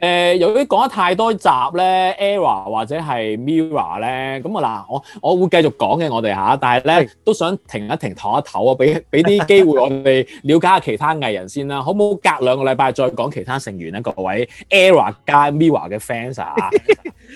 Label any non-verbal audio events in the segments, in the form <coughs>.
誒由於講得太多集咧，Error 或者係 Mirror 咧，咁啊嗱，我我會繼續講嘅，我哋嚇，但係咧都想停一停，唞一唞啊，俾俾啲機會我哋了解下其他藝人先啦，好唔好隔兩個禮拜再講其他成員咧？各位 Error 加 Mirror 嘅 fans 啊，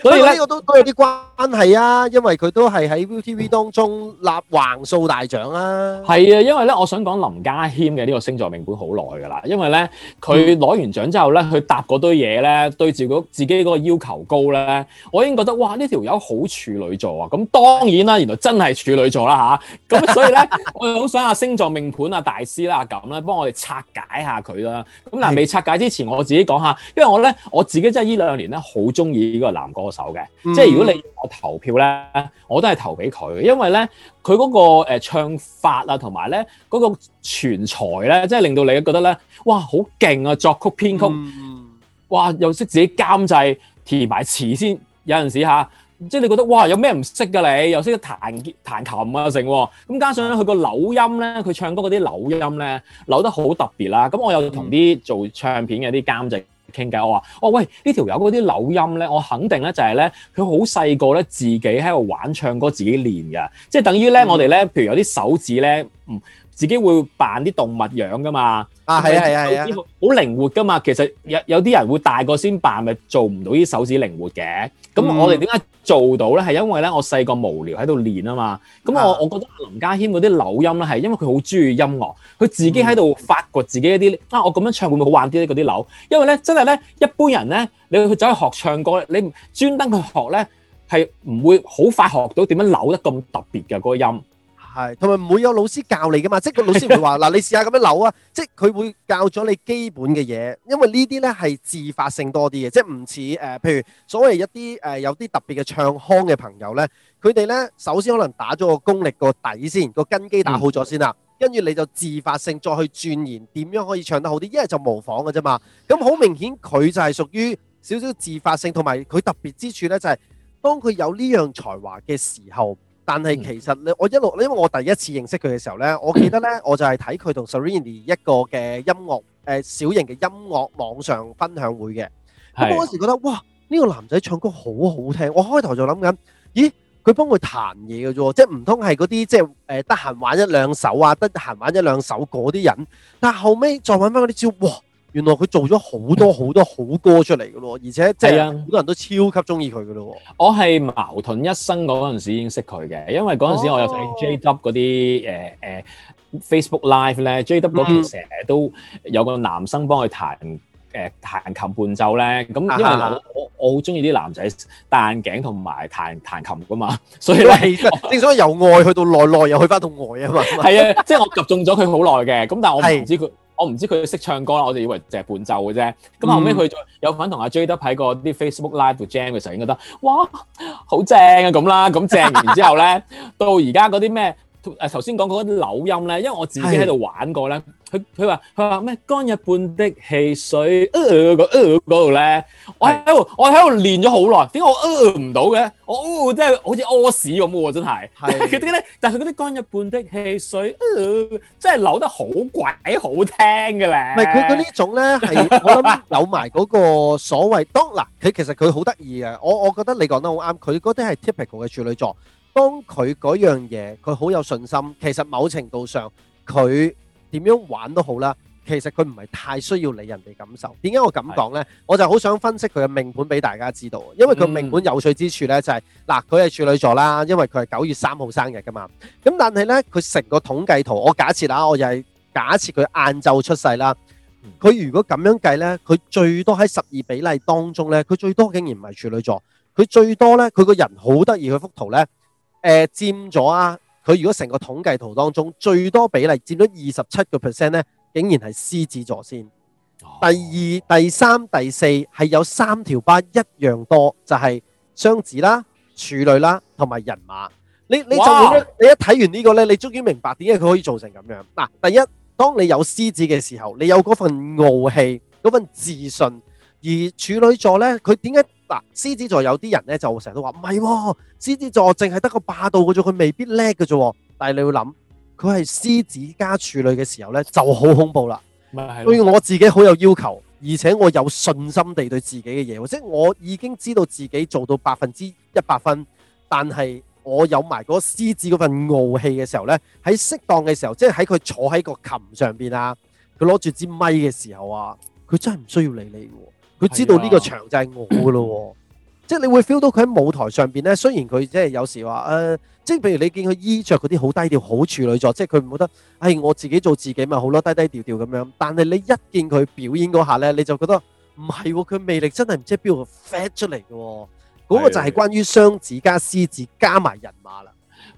所以咧，呢個都都有啲關係啊，因為佢都係喺 ViuTV 當中拿橫掃大獎啊，係啊，因為咧，我想講林家謙嘅呢個星座命盤好耐噶啦，因為咧佢攞完獎之後咧，佢答嗰堆嘢咧。咧對住自己嗰個要求高咧，我已經覺得哇！呢條友好處女座啊，咁當然啦，原來真係處女座啦吓，咁、啊、所以咧， <laughs> 我好想阿星座命盤啊，大師啦咁啦，幫我哋拆解下佢啦。咁但未拆解之前，我自己講下，因為我咧我自己真係呢兩年咧好中意呢個男歌手嘅，嗯、即係如果你要我投票咧，我都係投俾佢，因為咧佢嗰個唱法啊，同埋咧嗰個全才咧，即係令到你覺得咧，哇，好勁啊！作曲編曲。嗯哇！又識自己監製填埋詞先，有陣時嚇，即係你覺得哇，有咩唔識㗎你又得？又識彈彈琴啊，成喎。咁加上咧，佢個扭音咧，佢唱歌嗰啲扭音咧，扭得好特別啦。咁我又同啲做唱片嘅啲監製傾偈，我話：哦喂，呢條友嗰啲扭音咧，我肯定咧就係咧，佢好細個咧，自己喺度玩唱歌，自己練嘅。即係等於咧，嗯、我哋咧，譬如有啲手指咧，嗯。自己會扮啲動物樣㗎嘛，啊係啊，係啊，好靈活㗎嘛。其實有有啲人會大個先扮，咪做唔到啲手指靈活嘅。咁、嗯、我哋點解做到咧？係因為咧，我細個無聊喺度練啊嘛。咁我、啊、我覺得林家謙嗰啲扭音咧，係因為佢好中意音樂，佢自己喺度發掘自己一啲、嗯、啊，我咁樣唱會唔會好玩啲嗰啲扭，因為咧真係咧，一般人咧，你去走去學唱歌，你專登去學咧，係唔會好快學到點樣扭得咁特別嘅嗰、嗰個音。係，同埋唔會有老師教你噶嘛， <laughs> 即個老師唔會話嗱，你試下咁樣扭啊，即佢會教咗你基本嘅嘢，因為呢啲咧係自發性多啲嘅，即唔似誒，譬如所謂一啲誒、呃、有啲特別嘅唱腔嘅朋友咧，佢哋咧首先可能打咗個功力個底先，個根基打好咗先啦，跟住、嗯、你就自發性再去鑽研點樣可以唱得好啲，一係就模仿㗎啫嘛。咁好明顯，佢就係屬於少，少少自發性，同埋佢特別之處咧就係當佢有呢樣才華嘅時候。但係其實咧，我一路，因為我第一次認識佢嘅時候咧， <coughs> 我記得咧，我就係睇佢同 Serrini 一個嘅音樂誒小型嘅音樂網上分享會嘅。咁是我嗰時覺得哇，呢、這個男仔唱歌好好聽。我開頭就諗緊，咦，佢幫佢彈嘢嘅啫，即係唔通係嗰啲即係誒得閒玩一兩首啊，得閒玩一兩首嗰啲人。但後尾再揾翻嗰啲招，哇！原來佢做咗好多好多好歌出嚟嘅咯，而且即係好多人都超級中意佢嘅咯。啊、我係矛盾一生嗰陣時已經識佢嘅，因為嗰陣時我有睇 J W 嗰啲誒誒 Facebook Live 咧，J W 嗰邊成日都有個男生幫佢彈誒、呃、彈琴伴奏咧。咁因為我我好中意啲男仔戴眼鏡同埋彈彈琴嘅嘛，所以咧、啊啊、我正所謂由外去到內內又去翻到外啊嘛。係啊， <laughs> 即係我集中咗佢好耐嘅，咁但係我唔知佢。我唔知佢識唱歌啦，我就以為淨係伴奏嘅啫。咁後尾佢有份同阿 JW 喺個啲 Facebook Live 度 jam 嘅時候，應該得，哇，好正啊咁啦，咁正。完之後咧， <laughs> 到而家嗰啲咩？誒頭先講嗰啲扭音咧，因為我自己喺度玩過咧，佢佢話佢話咩？乾一半的汽水嗰嗰度咧，我喺度我喺度練咗好耐，點解我唔到嘅？我真係好似屙屎咁喎，真係。係。佢啲咧，但係佢嗰啲乾一半的汽水，真係扭得好鬼好聽㗎喇。唔係佢佢呢種咧係，我諗扭埋嗰個所謂當嗱，佢其實佢好得意嘅。我我覺得你講得好啱，佢嗰啲係 typical 嘅處女座。當佢嗰樣嘢，佢好有信心。其實某程度上，佢點樣玩都好啦。其實佢唔係太需要理人哋感受。點解我咁講呢？是的 我就好想分析佢嘅命盤俾大家知道。因為佢命盤有趣之處呢、就係，就係嗱，佢係處女座啦，因為佢係九月三號生日噶嘛。咁但係呢，佢成個統計圖，我假設啦，我又係假設佢晏晝出世啦。佢如果咁樣計呢，佢最多喺十二比例當中呢，佢最多竟然唔係處女座。佢最多呢，佢個人好得意，佢幅圖呢。誒、呃，佔咗啊！佢如果成個統計圖當中最多比例佔咗二十七個 percent 咧，竟然係獅子座先。第二，第三，第四係有三條巴一樣多，就係、是、雙子啦、處女啦，同埋人馬。你你就哇你一睇完呢，這個咧，你終於明白點解佢可以做成咁樣。嗱，第一，當你有獅子嘅時候，你有嗰份傲氣、嗰份自信，而處女座咧，佢點解？啊、獅子座有啲人咧就成日都話唔係，獅子座淨係得個霸道嘅啫，佢未必叻嘅啫。但係你要諗，佢係獅子加處女嘅時候咧就好恐怖啦。係係。所以我自己好有要求，而且我有信心地對自己嘅嘢，即係我已經知道自己做到百分之一百分，但係我有埋嗰個獅子嗰份傲氣嘅時候咧，喺適當嘅時候，即係喺佢坐喺個琴上邊啊，佢攞住支咪嘅時候啊，佢真係唔需要理你嘅。佢知道呢個場就係我嘅咯， <coughs> 即係你會 feel 到佢喺舞台上邊咧，雖然佢即係有時話誒、呃，即係譬如你見佢衣着嗰啲好低調、好處女座，即係佢唔覺得，誒、哎、我自己做自己咪好咯，低低調調咁樣。但係你一見佢表演嗰下咧，你就覺得唔係喎，佢、啊、魅力真係唔知邊度 fade 出嚟嘅喎。嗰、那個就係關於雙子加獅子加埋人馬啦。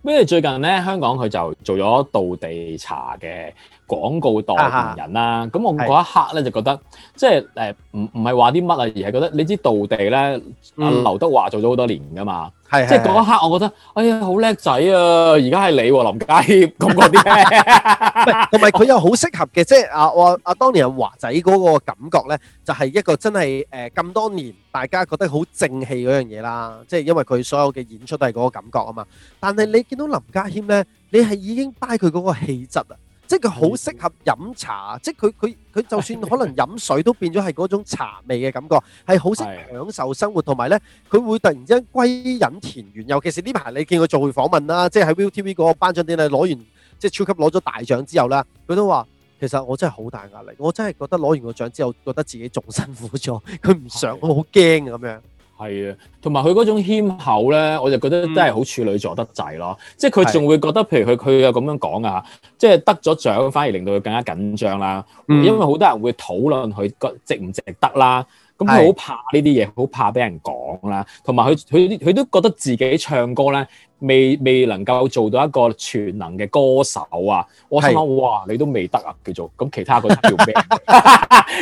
咩的？最近咧，香港佢就做咗道地茶嘅。廣告代言人啦，咁、嗯啊、我嗰一刻咧就覺得，即係誒唔唔係話啲乜啊，而係覺得你知道，道地咧，阿劉德華做咗好多年㗎嘛，嗯嗯、即係嗰一刻我覺得哎呀好叻仔啊！而家係你、啊、林家謙咁嗰啲，同埋佢又好適合嘅，即係阿阿阿當年阿華仔嗰個感覺咧，就係一個真係誒咁多年大家覺得好正氣嗰樣嘢啦，即係因為佢所有嘅演出都係嗰個感覺啊嘛。但係你見到林家謙咧，你係已經 buy 佢嗰個氣質啊。即係佢好適合飲茶，嗯、即係佢佢佢就算可能飲水都 <laughs> 變咗係嗰種茶味嘅感覺，係好識享受生活同埋呢，佢會突然之間歸隱田園。尤其是呢排你見佢做會訪問啦，即係喺 ViuTV 嗰個頒獎典禮攞完即係超級攞咗大獎之後咧，佢都話其實我真係好大壓力，我真係覺得攞完個獎之後覺得自己仲辛苦咗，佢唔想，我好驚咁樣。係啊，同埋佢嗰種謙厚咧，我就覺得真係好處女座得滯咯。嗯、即係佢仲會覺得，譬如佢佢有咁樣講啊，即係得咗獎反而令到佢更加緊張啦。嗯、因為好多人會討論佢個值唔值得啦，咁佢好怕呢啲嘢，好怕俾人講啦。同埋佢佢佢都覺得自己唱歌咧。未未能夠做到一個全能嘅歌手啊！我心諗，的哇，你都未得啊，叫做咁其他嗰啲叫咩？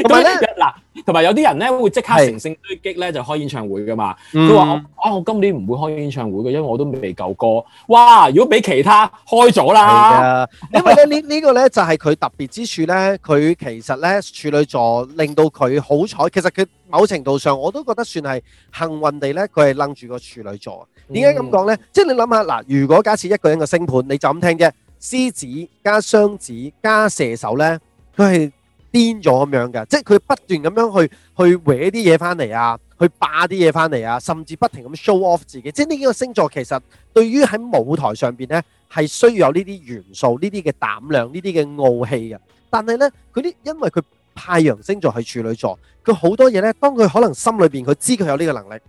嗱 <laughs> 有，同埋有啲人咧會即刻乘勝追擊咧，就開演唱會噶嘛。佢話、嗯：我啊，我今年唔會開演唱會嘅，因為我都未夠歌。哇！如果俾其他開咗啦，因為咧呢呢、呢個咧就係佢特別之處咧。佢 <laughs> 其實咧，處女座令到佢好彩，其實佢某程度上我都覺得算係幸運地咧，佢係楞住個處女座。點解咁講咧？即係你咁啊嗱，如果假設一個人嘅星盤，你就咁聽啫。獅子加雙子加射手咧，佢係癲咗咁樣嘅，即係佢不斷咁樣去去搲啲嘢翻嚟啊，去霸啲嘢翻嚟啊，甚至不停咁 show off 自己。即係呢幾個星座其實對於喺舞台上邊咧係需要有呢啲元素、呢啲嘅膽量、呢啲嘅傲氣嘅。但係咧，佢啲因為佢太陽星座係處女座，佢好多嘢咧，當佢可能心裏邊佢知佢有呢個能力，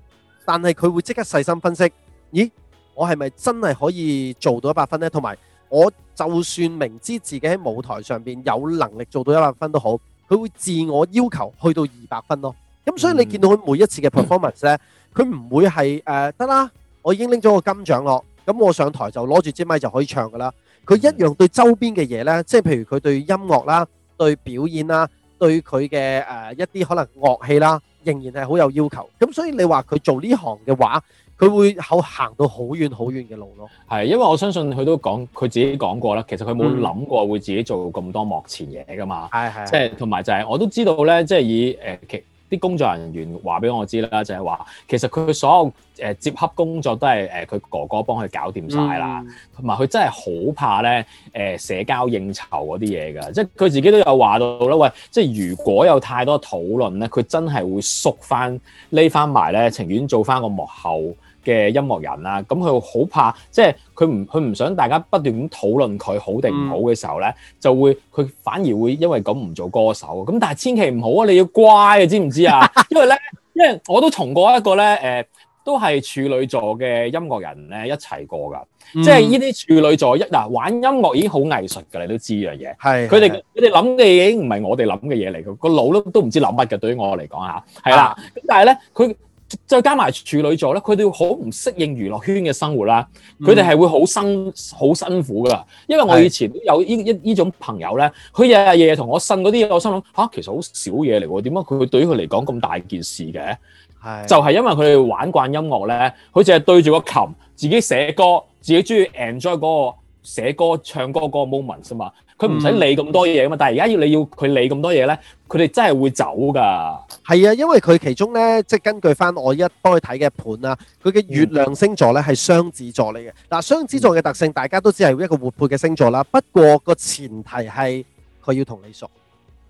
但係佢會即刻細心分析，咦？我係咪真係可以做到一百分呢？同埋我就算明知自己喺舞台上邊有能力做到一百分都好，佢會自我要求去到二百分咯。咁所以你見到佢每一次嘅 performance 呢，佢唔、嗯、會係誒得啦，我已經拎咗個金獎咯。咁我上台就攞住支咪就可以唱噶啦。佢、嗯、一樣對周邊嘅嘢呢，即係譬如佢對音樂啦、對表演啦、對佢嘅誒一啲可能樂器啦，仍然係好有要求。咁所以你話佢做呢行嘅話，佢會好行到好遠好遠嘅路咯，係因為我相信佢都講，佢自己講過啦。其實佢冇諗過會自己做咁多幕前嘢㗎嘛，係係、嗯，即係同埋就係、是就是、我都知道咧，即、就、係、是、以誒、呃、其。啲工作人員話俾我知啦，就係話其實佢所有誒接洽工作都係誒佢哥哥幫佢搞掂晒啦，同埋佢真係好怕咧誒社交應酬嗰啲嘢㗎，即係佢自己都有話到啦。喂，即係如果有太多討論咧，佢真係會縮翻匿翻埋咧，情願做翻個幕後嘅音樂人啦，咁佢好怕，即係佢唔佢唔想大家不斷咁討論佢好定唔好嘅時候咧，嗯、就會佢反而會因為咁唔做歌手。咁但係千祈唔好啊！你要乖啊，知唔知啊？ <laughs> 因為咧，因為我都從過一個咧，誒、呃、都係處女座嘅音樂人咧一齊過噶，嗯、即係呢啲處女座一嗱玩音樂已經好藝術㗎，你都知呢樣嘢。係是，佢哋佢哋諗嘅已經唔係我哋諗嘅嘢嚟㗎，個腦都都唔知諗乜嘅。對於我嚟講嚇，係啦。咁但係咧，佢。再加埋處女座咧，佢哋好唔適應娛樂圈嘅生活啦。佢哋係會好生好辛苦噶。因為我以前有呢呢呢種朋友咧，佢日日日日同我呻嗰啲嘢，我心諗吓，啊，其實好少嘢嚟喎。點解佢會對於佢嚟講咁大件事嘅？係是的 就係因為佢哋玩慣音樂咧，佢淨係對住個琴自己寫歌，自己中意 enjoy 嗰個寫歌唱歌嗰個 moment 啫嘛。佢唔使理咁多嘢啊嘛，但係而家要你要佢理咁多嘢呢，佢哋真係會走噶。係啊，因為佢其中呢，即係根據翻我一幫佢睇嘅盤啊，佢嘅月亮星座呢，係雙子座嚟嘅。嗱，雙子座嘅特性大家都知係一個活潑嘅星座啦。不過個前提係佢要同你熟，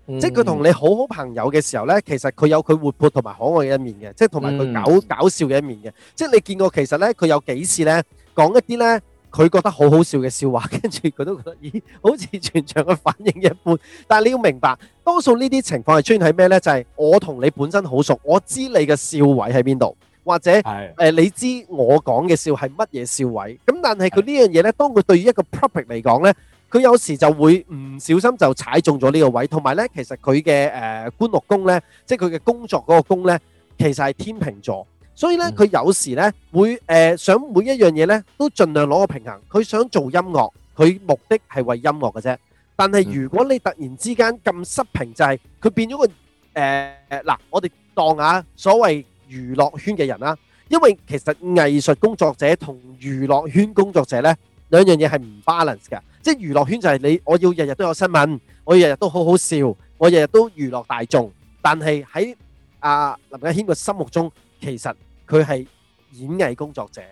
嗯、即係佢同你好好朋友嘅時候呢，其實佢有佢活潑同埋可愛嘅一面嘅，即係同埋佢搞搞笑嘅一面嘅。嗯、即係你見過其實呢，佢有幾次呢，講一啲呢。佢覺得好好笑嘅笑話，跟住佢都覺得，咦，好似全場嘅反應一般。但係你要明白，多數呢啲情況係出現喺咩呢？就係、是、我同你本身好熟，我知你嘅笑位喺邊度，或者誒的、呃、你知我講嘅笑係乜嘢笑位。咁但係佢呢樣嘢呢，當佢對於一個 property 嚟講呢，佢有時就會唔小心就踩中咗呢個位。同埋呢，其實佢嘅誒官祿宮呢，即係佢嘅工作嗰個宮呢，其實係天秤座。所以咧，佢有時咧會誒想每一樣嘢咧都盡量攞個平衡。佢想做音樂，佢目的係為音樂嘅啫。但係如果你突然之間咁失平衡，就係佢變咗個誒誒嗱，我哋當下所謂娛樂圈嘅人啦。因為其實藝術工作者同娛樂圈工作者咧兩樣嘢係唔 balance 嘅，即係娛樂圈就係你我要日日都有新聞，我日日都好好笑，我日日都娛樂大眾。但係喺阿林家謙嘅心目中，其實佢係演藝工作者，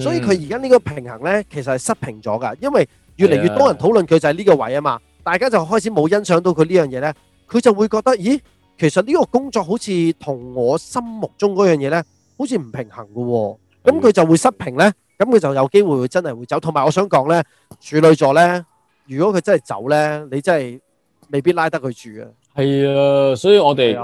所以佢而家呢個平衡呢，其實係失平咗噶。因為越嚟越多人討論佢就係呢個位啊嘛，大家就開始冇欣賞到佢呢樣嘢呢，佢就會覺得咦，其實呢個工作好似同我心目中嗰樣嘢呢，好似唔平衡噶喎。咁佢就會失平呢，咁佢就有機會會真係會走。同埋我想講呢，處女座呢，如果佢真係走呢，你真係未必拉得佢住啊。係啊，所以我哋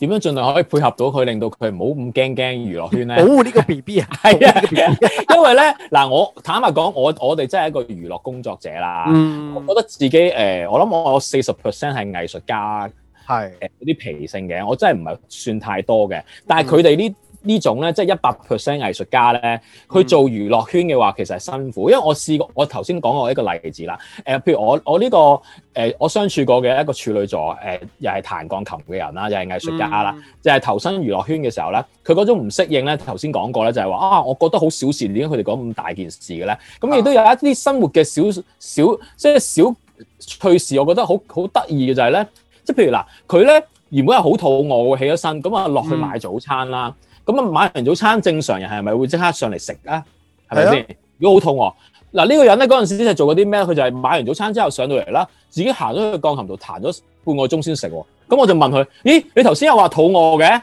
點樣盡量可以配合到佢，令到佢唔好咁驚驚娛樂圈咧？保護呢個 B B 啊，係 <laughs> 啊，啊 <laughs> 因為咧嗱，我坦白講，我我哋真係一個娛樂工作者啦，嗯，我覺得自己誒、呃，我諗我四十 percent 係藝術家，係誒啲脾性嘅，我真係唔係算太多嘅，但係佢哋呢？嗯種呢種咧，即係一百 percent 藝術家咧，佢做娛樂圈嘅話，其實係辛苦。因為我試過，我頭先講過一個例子啦。誒、呃，譬如我我呢、這個誒、呃，我相處過嘅一個處女座誒、呃，又係彈鋼琴嘅人啦，又係藝術家啦，嗯、就係投身娛樂圈嘅時候咧，佢嗰種唔適應咧，頭先講過咧，就係話啊，我覺得好小事，點解佢哋講咁大件事嘅咧？咁亦都有一啲生活嘅小小即係小，小，小，小趣事，我覺得好好得意嘅就係咧，即係譬如嗱，佢咧原本係好肚餓嘅，起咗身咁啊，落去買早餐啦。嗯咁啊，買完早餐正常人係咪會即刻上嚟食啊？係咪先？如果好肚餓，嗱呢、這個人咧嗰陣先係做過啲咩？佢就係買完早餐之後上到嚟啦，自己行咗去鋼琴度彈咗半個鐘先食喎。咁我就問佢：咦，你頭先又話肚餓嘅？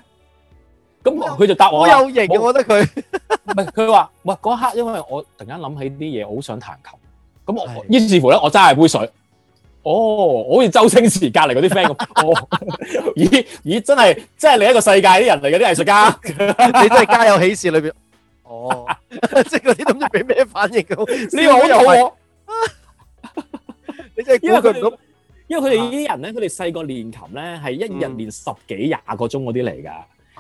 咁佢 <music> 就答我：好 <music> 我有型我我覺得佢。唔係佢話，喂，嗰刻，因為我突然間諗起啲嘢，我好想彈琴。咁我於是的乎咧，我揸係杯水。哦，好似周星馳隔離嗰啲 friend 咁。哦， <laughs> 咦咦，真係，真係另一個世界啲人嚟，嗰啲藝術家， <laughs> 你真係家有喜事裏邊。哦，即係嗰啲都唔知俾咩反應咁？ <laughs> 你話好又我，你真係估佢唔到，因為佢哋 <laughs> 呢啲人咧，佢哋細個練琴咧係一日練十幾廿個鐘嗰啲嚟㗎。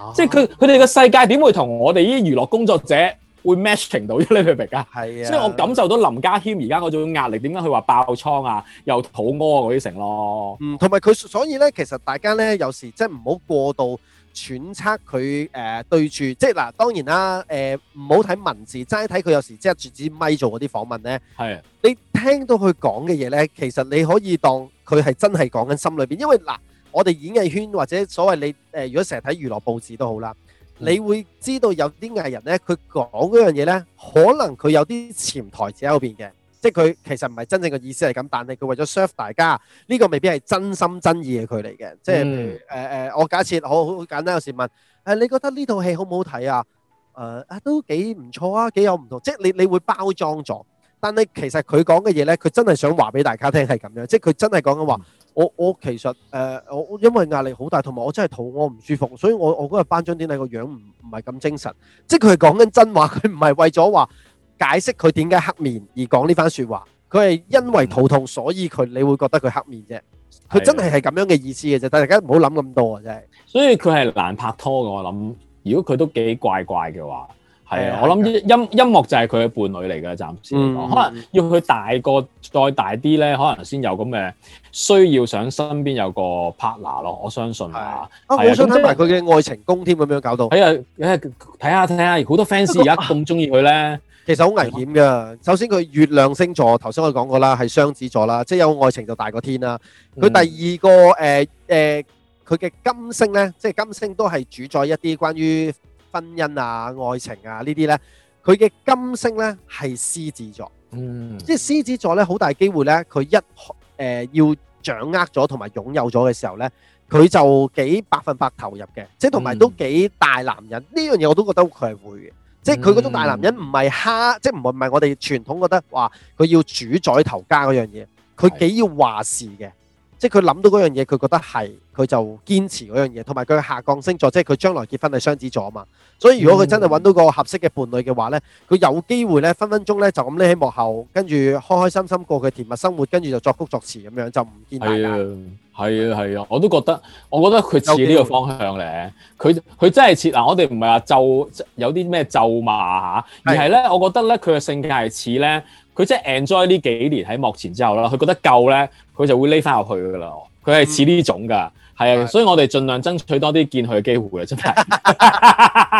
嗯、即係佢佢哋個世界點會同我哋啲娛樂工作者？會 matching 到呢啲嘅，係啊，即係我感受到林家謙而家嗰種壓力，點解佢話爆倉啊，又肚屙啊嗰啲成咯。嗯，同埋佢所以咧，其實大家咧有時即係唔好過度揣測佢誒、呃、對住，即係嗱當然啦誒，唔好睇文字，齋睇佢有時即係住支咪做嗰啲訪問咧。係、啊。你聽到佢講嘅嘢咧，其實你可以當佢係真係講緊心裏邊，因為嗱、呃，我哋演藝圈或者所謂你誒、呃，如果成日睇娛樂報紙都好啦。你會知道有啲藝人呢，佢講嗰樣嘢呢，可能佢有啲潛台詞喺後邊嘅，即係佢其實唔係真正嘅意思係咁，但係佢為咗 serve 大家，呢個未必係真心真意嘅佢嚟嘅，即係誒、呃、我假設好好簡單有時問誒、啊，你覺得呢套戲好唔好睇啊？誒啊都幾唔錯啊，幾有唔同，即係你你會包裝咗，但係其實佢講嘅嘢呢，佢真係想話俾大家聽係咁樣，即係佢真係講緊話。我我其實誒、呃、我因為壓力好大，同埋我真係肚屙唔舒服，所以我我嗰日頒獎典禮個樣唔唔係咁精神。即係佢係講緊真話，佢唔係為咗話解釋佢點解黑面而講呢番説話。佢係因為肚痛，所以佢你會覺得佢黑面啫。佢真係係咁樣嘅意思嘅啫，但係的大家唔好諗咁多啊，真係。所以佢係難拍拖嘅，我諗。如果佢都幾怪怪嘅話。係啊，我諗音音樂就係佢嘅伴侶嚟嘅，暫時，可能要佢大個再大啲咧，可能先有咁嘅需要，想身邊有個 partner 咯。我相信啊，啊，我想睇埋佢嘅愛情宮添，咁樣搞到，睇呀，睇下睇下，好多 fans 而家咁中意佢咧，其實好危險噶首先佢月亮星座，頭先我講過啦，係雙子座啦，即係有愛情就大過天啦。佢第二個誒誒，佢嘅金星咧，即係金星都係主宰一啲關於。婚姻啊、愛情啊呢啲呢，佢嘅金星呢，係獅子座，嗯，即係獅子座呢，好大機會呢，佢一誒要掌握咗同埋擁有咗嘅時候呢，佢就幾百分百投入嘅，即係同埋都幾大男人呢、嗯、樣嘢，我都覺得佢係會嘅，嗯、即係佢嗰種大男人唔係蝦，嗯、即係唔係唔係我哋傳統覺得話佢要主宰頭家嗰樣嘢，佢幾要話事嘅。即係佢諗到嗰樣嘢，佢覺得係，佢就堅持嗰樣嘢。同埋佢下降星座，即係佢將來結婚係雙子座啊嘛。所以如果佢真係揾到個合適嘅伴侶嘅話呢，佢有機會呢，分分鐘呢，就咁匿喺幕後，跟住開開心心過佢甜蜜生活，跟住就作曲作詞咁樣，就唔見大家。係啊，係啊，係啊，我都覺得，我覺得佢似呢個方向呢。佢佢真係似嗱，我哋唔係話咒有啲咩咒罵吓，而係呢，的我覺得呢，佢嘅性格係似呢。佢即係 enjoy 呢幾年喺幕前之後啦，佢覺得夠咧，佢就會匿翻入去噶啦。佢係似呢種噶，係啊，所以我哋盡量爭取多啲見佢嘅機會啊！真係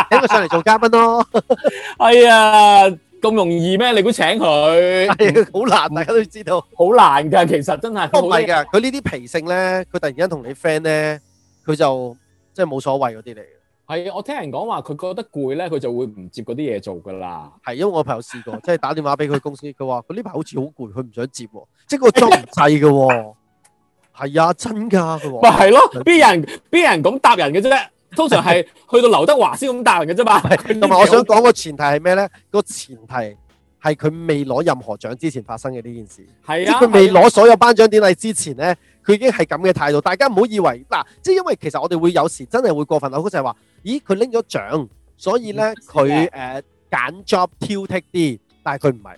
請佢上嚟做嘉賓咯。哎呀，咁容易咩？你估請佢好難？大家都知道好難㗎，其實真係唔係㗎。佢呢啲脾性咧，佢突然間同你 friend 咧，佢就即係冇所謂嗰啲嚟。係我聽人講話佢覺得攰咧，佢就會唔接嗰啲嘢做噶啦。係因為我朋友試過，即係打電話俾佢公司，佢話佢呢排好似好攰，佢唔想接，即係個鐘唔制嘅。係啊，真噶噶。咪係咯，邊人邊人咁答人嘅啫？通常係去到劉德華先咁答人嘅啫嘛。同埋我想講個前提係咩咧？個前提係佢未攞任何獎之前發生嘅呢件事。係啊，佢未攞所有頒獎典禮之前咧。佢已經係咁嘅態度，大家唔好以為嗱，即係因為其實我哋會有時真係會過分，好就係話，咦佢拎咗獎，所以咧佢誒揀 job 挑剔啲，但係佢唔係，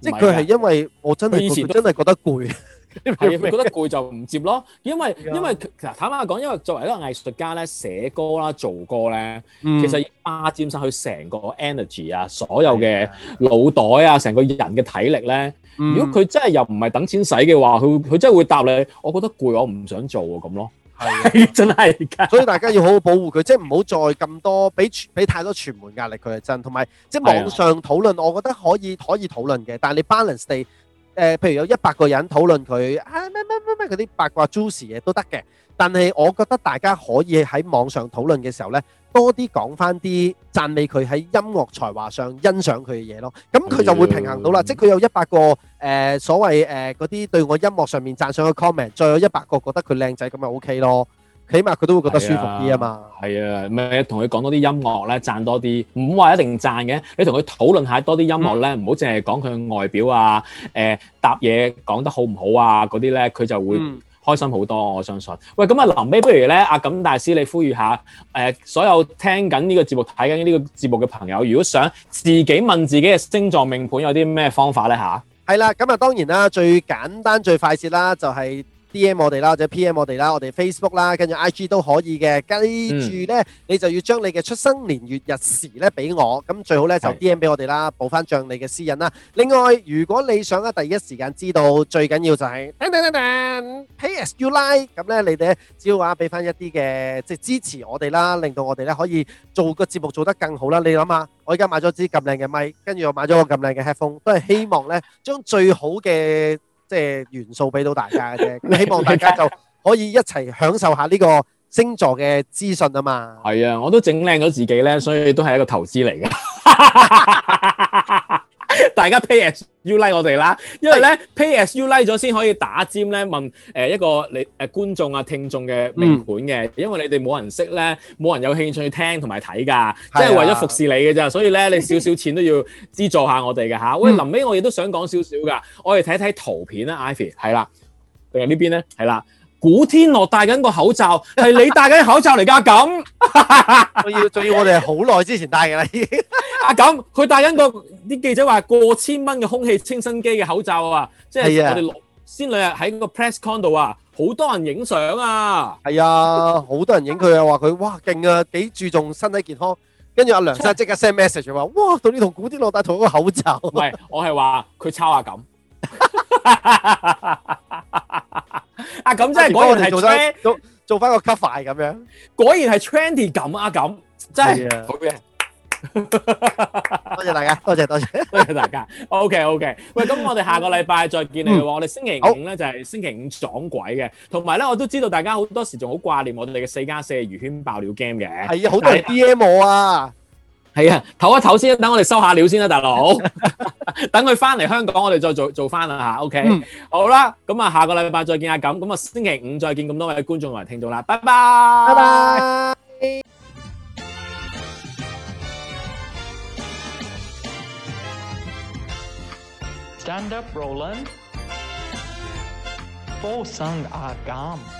即係佢係因為我真係佢真係覺得攰。 <laughs> 係，覺得攰就唔接咯。因為，因為，坦白講，因為作為一個藝術家咧，寫歌啦、做歌咧，其實霸佔晒佢成個 energy 啊，所有嘅腦袋啊，成個人嘅體力咧。如果佢真係又唔係等錢使嘅話，佢佢真係會答你。我覺得攰，我唔想做咁咯。係，真係㗎。所以大家要好好保護佢，即係唔好再咁多，俾俾太多傳媒壓力佢係！真同埋，即係網上討論，我覺得可以可以討論嘅，但係你 balance 地。呃、譬如有一百個人討論佢啊，乜乜乜嗰啲八卦、諸事嘢都得嘅。但係我覺得大家可以喺網上討論嘅時候呢，多啲講翻啲讚美佢喺音樂才華上欣賞佢嘅嘢咯。咁佢就會平衡到啦。的即係佢有一百個誒、呃、所謂誒嗰啲對我音樂上面讚賞嘅 comment，再有一百個覺得佢靚仔，咁咪 O K 咯。起碼佢都會覺得舒服啲啊嘛，係啊，咩、啊？同佢講多啲音樂咧，讚多啲，唔好話一定讚嘅。你同佢討論下多啲音樂咧，唔好淨係講佢外表啊，誒搭嘢講得好唔好啊嗰啲咧，佢就會開心好多、啊。我相信。喂，咁啊臨尾，不如咧，阿、啊、錦大師，你呼籲下誒、呃、所有聽緊呢個節目、睇緊呢個節目嘅朋友，如果想自己問自己嘅星座命盤有啲咩方法咧吓，係啦、嗯，咁啊當然啦，最簡單、最快捷啦，就係、是。D.M 我哋啦，或者 P.M 我哋啦，我哋 Facebook 啦，跟住 I.G 都可以嘅。跟住咧，你就要將你嘅出生年月日時咧俾我，咁最好咧就 D.M 俾我哋啦，保障翻你嘅私隱啦。另外，如果你想咧第一時間知道，最緊要就係等等等等 PSU like，咁咧你哋只要話俾翻一啲嘅，即係支持我哋啦，令到我哋咧可以做個節目做得更好啦。你諗下，我而家買咗支咁靚嘅咪，跟住我買咗個咁靚嘅 headphone，都係希望咧將最好嘅。即係元素俾到大家嘅啫，希望大家就可以一齊享受下呢個星座嘅資訊啊嘛。係 <laughs> <laughs> 啊，我都整靚咗自己咧，所以都係一個投資嚟嘅。 <laughs> 大家 pay as you like 我哋啦，因為咧是 pay as you like 咗先可以打尖咧問誒、呃、一個你誒、呃、觀眾啊聽眾嘅命盤嘅，嗯、因為你哋冇人識咧，冇人有興趣聽同埋睇噶，即係、嗯、為咗服侍你嘅咋，所以咧你少少錢都要資助下我哋嘅吓。喂，臨尾我亦都想講少少噶，我哋睇一睇圖片啦，Ivy 係啦，定係呢邊咧係啦。古天樂戴緊個口罩，係你戴緊口罩嚟㗎，咁、啊。要仲 <laughs> 要我哋係好耐之前戴嘅啦。阿 <laughs> 噉、啊，佢戴緊個啲記者話過千蚊嘅空氣清新機嘅口罩、就是、啊，即係我哋先兩日喺個 press con 度啊，好多人影相啊。係啊，好多人影佢啊，話佢哇勁啊，幾注重身體健康。跟住阿梁生即刻 send message 話，哇，到你同古天樂戴同一個口罩。唔係 <laughs> 我係話佢抄下、啊、噉。 <laughs> 啊，咁真係果然係做翻做做翻個 cover 咁樣，果然係 trendy 咁啊，咁，真係好嘅，多謝大家，多謝多謝， <laughs> 多謝大家。OK OK，喂，咁我哋下個禮拜再見你嘅話，嗯、我哋星期五咧好就係星期五撞鬼嘅，同埋咧我都知道大家好多時仲好掛念我哋嘅四加四魚圈爆料 game 嘅，係啊，好多人 D M 我啊。 <laughs> 係啊，唞一唞先，等我哋收下料先啦，大佬。等佢翻嚟香港，我哋再做做翻啦吓。OK，好啦，咁啊，下個禮拜再見阿錦，咁啊，星期五再見咁多位觀眾同埋聽眾啦，拜拜，拜拜。Stand up, Roland. For some, a gun.